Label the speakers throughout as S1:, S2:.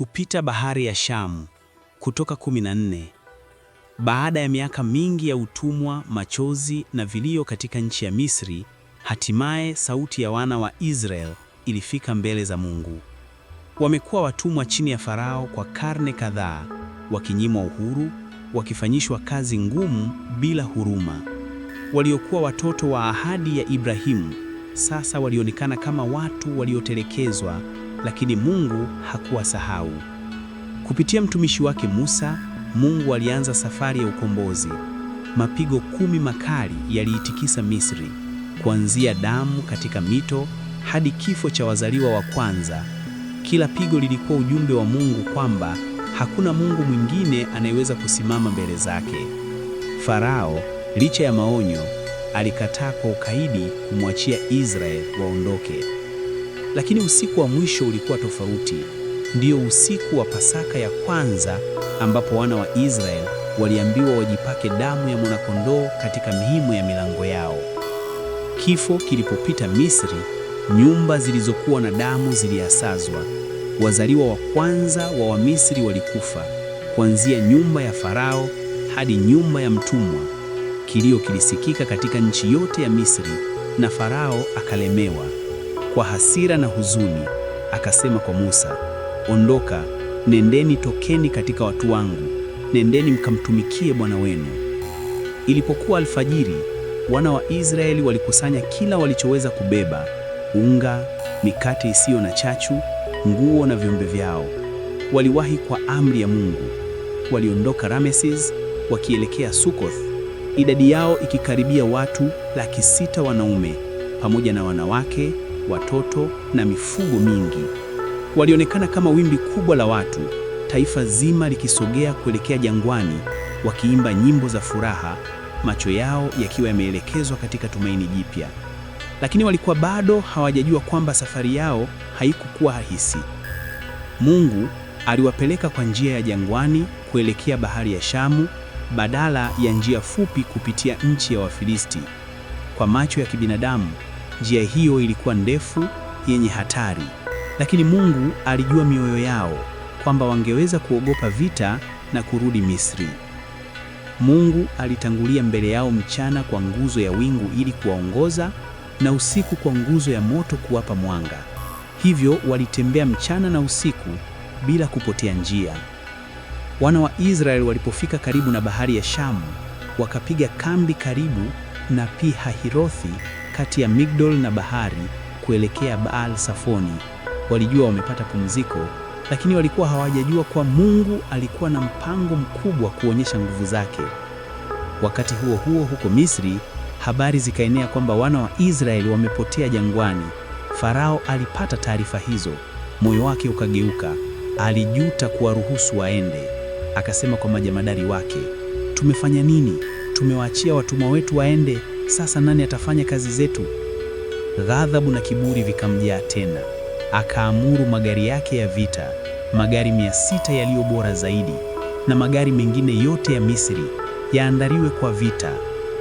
S1: Kupita bahari ya Shamu, Kutoka 14. Baada ya miaka mingi ya utumwa, machozi na vilio katika nchi ya Misri, hatimaye sauti ya wana wa Israel ilifika mbele za Mungu. Wamekuwa watumwa chini ya Farao kwa karne kadhaa, wakinyimwa uhuru, wakifanyishwa kazi ngumu bila huruma. Waliokuwa watoto wa ahadi ya Ibrahimu, sasa walionekana kama watu waliotelekezwa lakini Mungu hakuwasahau. Kupitia mtumishi wake Musa, Mungu alianza safari ya ukombozi. Mapigo kumi makali yaliitikisa Misri, kuanzia damu katika mito hadi kifo cha wazaliwa wa kwanza. Kila pigo lilikuwa ujumbe wa Mungu kwamba hakuna Mungu mwingine anayeweza kusimama mbele zake. Farao, licha ya maonyo, alikataa kwa ukaidi kumwachia Israeli waondoke. Lakini usiku wa mwisho ulikuwa tofauti. Ndiyo usiku wa Pasaka ya kwanza ambapo wana wa Israeli waliambiwa wajipake damu ya mwanakondoo katika mihimo ya milango yao. Kifo kilipopita Misri, nyumba zilizokuwa na damu ziliasazwa. Wazaliwa wa kwanza wa Wamisri walikufa, kuanzia nyumba ya Farao hadi nyumba ya mtumwa. Kilio kilisikika katika nchi yote ya Misri na Farao akalemewa. Kwa hasira na huzuni akasema kwa Musa, ondoka, nendeni, tokeni katika watu wangu, nendeni mkamtumikie Bwana wenu. Ilipokuwa alfajiri, wana wa Israeli walikusanya kila walichoweza kubeba: unga, mikate isiyo na chachu, nguo na viumbe vyao. Waliwahi kwa amri ya Mungu. Waliondoka Rameses wakielekea Sukoth, idadi yao ikikaribia watu laki sita wanaume pamoja na wanawake watoto na mifugo mingi. Walionekana kama wimbi kubwa la watu, taifa zima likisogea kuelekea jangwani, wakiimba nyimbo za furaha, macho yao yakiwa yameelekezwa katika tumaini jipya. Lakini walikuwa bado hawajajua kwamba safari yao haikukuwa rahisi. Mungu aliwapeleka kwa njia ya jangwani kuelekea bahari ya Shamu badala ya njia fupi kupitia nchi ya Wafilisti. Kwa macho ya kibinadamu Njia hiyo ilikuwa ndefu, yenye hatari, lakini Mungu alijua mioyo yao kwamba wangeweza kuogopa vita na kurudi Misri. Mungu alitangulia mbele yao mchana kwa nguzo ya wingu ili kuwaongoza na usiku kwa nguzo ya moto kuwapa mwanga. Hivyo walitembea mchana na usiku bila kupotea njia. Wana wa Israeli walipofika karibu na bahari ya Shamu, wakapiga kambi karibu na Pi-Hahirothi kati ya Migdol na bahari kuelekea Baal Safoni. Walijua wamepata pumziko, lakini walikuwa hawajajua kuwa Mungu alikuwa na mpango mkubwa kuonyesha nguvu zake. Wakati huo huo, huko Misri, habari zikaenea kwamba wana wa Israeli wamepotea jangwani. Farao alipata taarifa hizo, moyo wake ukageuka, alijuta kuwaruhusu waende. Akasema kwa majamadari wake, tumefanya nini? Tumewaachia watumwa wetu waende sasa nani atafanya kazi zetu? Ghadhabu na kiburi vikamjaa tena, akaamuru magari yake ya vita, magari mia sita yaliyo bora zaidi na magari mengine yote ya Misri yaandaliwe kwa vita.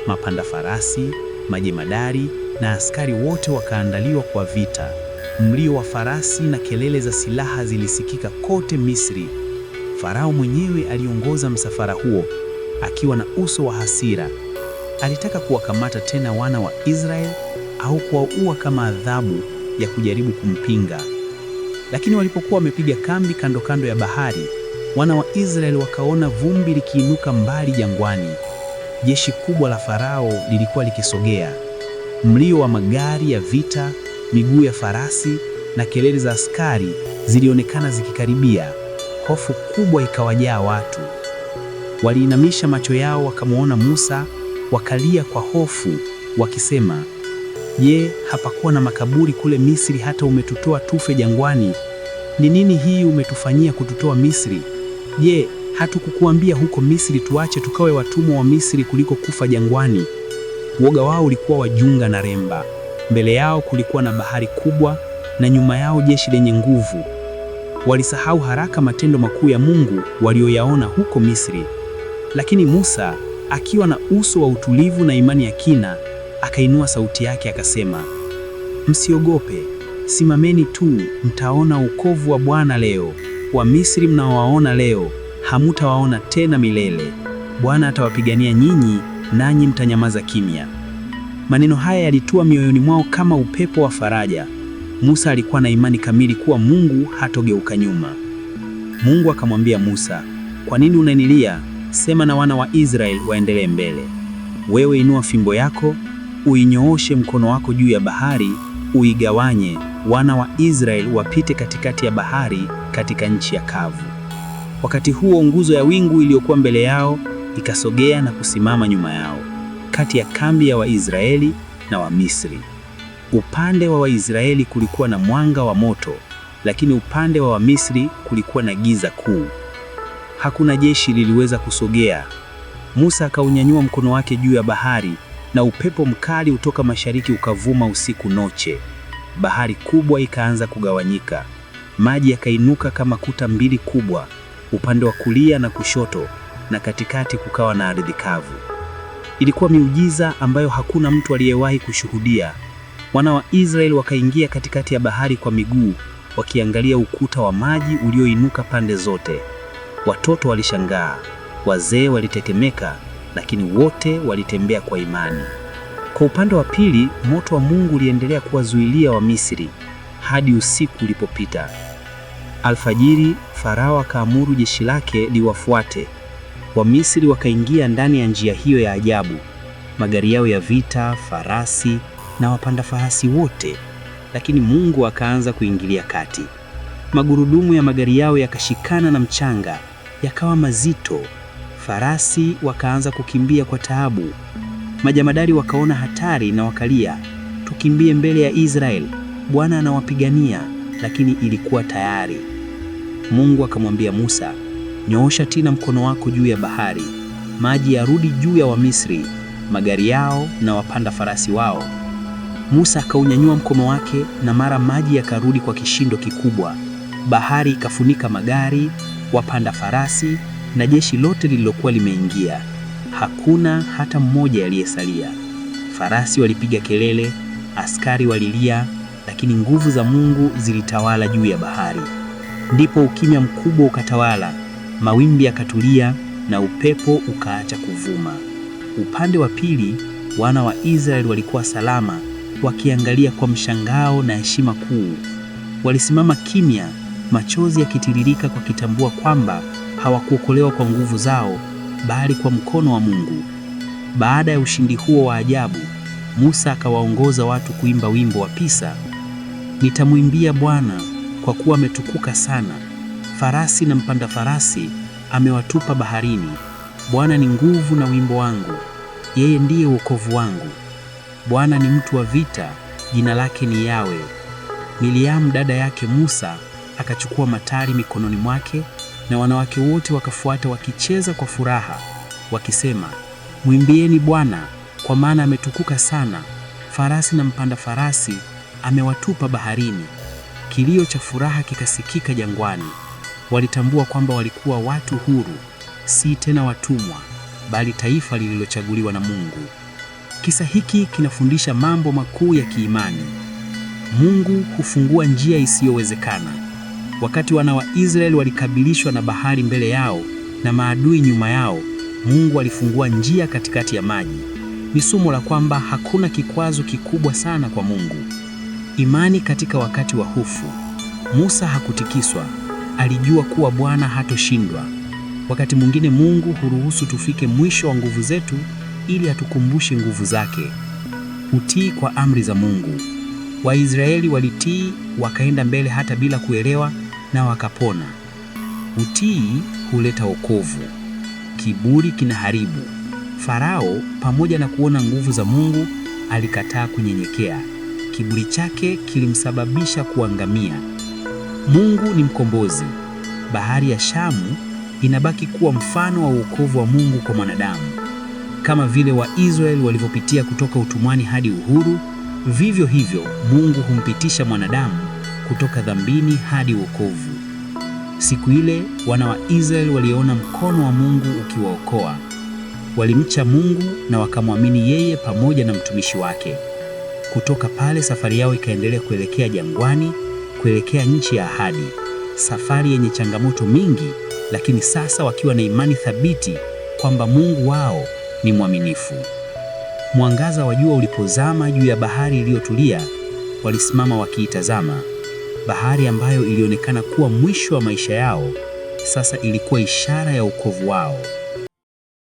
S1: Mapanda farasi, majemadari na askari wote wakaandaliwa kwa vita. Mlio wa farasi na kelele za silaha zilisikika kote Misri. Farao mwenyewe aliongoza msafara huo akiwa na uso wa hasira. Alitaka kuwakamata tena wana wa Israeli au kuwaua kama adhabu ya kujaribu kumpinga. Lakini walipokuwa wamepiga kambi kando kando ya bahari, wana wa Israeli wakaona vumbi likiinuka mbali jangwani. Jeshi kubwa la Farao lilikuwa likisogea. Mlio wa magari ya vita, miguu ya farasi na kelele za askari zilionekana zikikaribia. Hofu kubwa ikawajaa watu. Waliinamisha macho yao wakamwona Musa wakalia kwa hofu wakisema, Je, hapakuwa na makaburi kule Misri hata umetutoa tufe jangwani? Ni nini hii umetufanyia kututoa Misri? Je, hatukukuambia huko Misri tuache tukawe watumwa wa Misri kuliko kufa jangwani? Woga wao ulikuwa wajunga na remba. Mbele yao kulikuwa na bahari kubwa na nyuma yao jeshi lenye nguvu. Walisahau haraka matendo makuu ya Mungu walioyaona huko Misri. Lakini Musa Akiwa na uso wa utulivu na imani ya kina, akainua sauti yake akasema, msiogope, simameni tu, mtaona ukovu wa Bwana leo. Wamisri mnaowaona leo hamutawaona tena milele. Bwana atawapigania nyinyi, nanyi mtanyamaza kimya. Maneno haya yalitua mioyoni mwao kama upepo wa faraja. Musa alikuwa na imani kamili kuwa Mungu hatogeuka nyuma. Mungu akamwambia Musa, kwa nini unanilia? sema na wana wa Israeli waendelee mbele. Wewe inua fimbo yako, uinyooshe mkono wako juu ya bahari, uigawanye, wana wa Israeli wapite katikati ya bahari, katika nchi ya kavu. Wakati huo nguzo ya wingu iliyokuwa mbele yao ikasogea na kusimama nyuma yao, kati ya kambi ya Waisraeli na Wamisri. Upande wa Waisraeli kulikuwa na mwanga wa moto, lakini upande wa Wamisri kulikuwa na giza kuu hakuna jeshi liliweza kusogea. Musa akaunyanyua mkono wake juu ya bahari na upepo mkali utoka mashariki ukavuma usiku noche. Bahari kubwa ikaanza kugawanyika, maji yakainuka kama kuta mbili kubwa, upande wa kulia na kushoto, na katikati kukawa na ardhi kavu. Ilikuwa miujiza ambayo hakuna mtu aliyewahi kushuhudia. Wana wa Israeli wakaingia katikati ya bahari kwa miguu, wakiangalia ukuta wa maji ulioinuka pande zote. Watoto walishangaa, wazee walitetemeka, lakini wote walitembea kwa imani. Kwa upande wa pili, moto wa Mungu uliendelea kuwazuilia Wamisri hadi usiku ulipopita. Alfajiri, Farao akaamuru jeshi lake liwafuate. Wamisri wakaingia ndani ya njia hiyo ya ajabu, magari yao ya vita, farasi na wapanda farasi wote, lakini Mungu akaanza kuingilia kati. Magurudumu ya magari yao yakashikana na mchanga yakawa mazito, farasi wakaanza kukimbia kwa taabu. Majamadari wakaona hatari na wakalia, tukimbie mbele ya Israeli, Bwana anawapigania. Lakini ilikuwa tayari. Mungu akamwambia Musa, nyoosha tena mkono wako juu ya bahari, maji yarudi juu ya Wamisri, magari yao na wapanda farasi wao. Musa akaunyanyua mkono wake, na mara maji yakarudi kwa kishindo kikubwa. Bahari ikafunika magari, wapanda farasi na jeshi lote lililokuwa limeingia. Hakuna hata mmoja aliyesalia. Farasi walipiga kelele, askari walilia, lakini nguvu za Mungu zilitawala juu ya bahari. Ndipo ukimya mkubwa ukatawala, mawimbi yakatulia na upepo ukaacha kuvuma. Upande wa pili, wana wa Israeli walikuwa salama, wakiangalia kwa mshangao na heshima kuu. Walisimama kimya machozi yakitiririka kwa kitambua kwamba hawakuokolewa kwa nguvu zao, bali kwa mkono wa Mungu. Baada ya ushindi huo wa ajabu, Musa akawaongoza watu kuimba wimbo wa Pisa, nitamwimbia Bwana kwa kuwa ametukuka sana, farasi na mpanda farasi amewatupa baharini. Bwana ni nguvu na wimbo wangu, yeye ndiye wokovu wangu. Bwana ni mtu wa vita, jina lake ni Yawe. miliamu dada yake Musa akachukua matari mikononi mwake na wanawake wote wakafuata wakicheza kwa furaha wakisema, mwimbieni Bwana, kwa maana ametukuka sana, farasi na mpanda farasi amewatupa baharini. Kilio cha furaha kikasikika jangwani. Walitambua kwamba walikuwa watu huru, si tena watumwa, bali taifa lililochaguliwa na Mungu. Kisa hiki kinafundisha mambo makuu ya kiimani. Mungu hufungua njia isiyowezekana. Wakati wana wa Israeli walikabilishwa na bahari mbele yao na maadui nyuma yao, Mungu alifungua njia katikati ya maji. Ni somo la kwamba hakuna kikwazo kikubwa sana kwa Mungu. Imani katika wakati wa hofu. Musa hakutikiswa, alijua kuwa Bwana hatoshindwa. Wakati mwingine Mungu huruhusu tufike mwisho wa nguvu zetu ili atukumbushe nguvu zake. Utii kwa amri za Mungu. Waisraeli walitii, wakaenda mbele hata bila kuelewa, na wakapona. Utii huleta wokovu, kiburi kinaharibu. Farao, pamoja na kuona nguvu za Mungu, alikataa kunyenyekea. Kiburi chake kilimsababisha kuangamia. Mungu ni mkombozi. Bahari ya Shamu inabaki kuwa mfano wa wokovu wa Mungu kwa mwanadamu. Kama vile Waisraeli walivyopitia kutoka utumwani hadi uhuru, vivyo hivyo Mungu humpitisha mwanadamu kutoka dhambini hadi wokovu. Siku ile wana wa Israeli waliona mkono wa Mungu ukiwaokoa. Walimcha Mungu na wakamwamini yeye pamoja na mtumishi wake. Kutoka pale safari yao ikaendelea kuelekea jangwani, kuelekea nchi ya ahadi, safari yenye changamoto mingi, lakini sasa wakiwa na imani thabiti kwamba Mungu wao ni mwaminifu. Mwangaza wa jua ulipozama juu ya bahari iliyotulia, walisimama wakiitazama bahari ambayo ilionekana kuwa mwisho wa maisha yao, sasa ilikuwa ishara ya wokovu wao.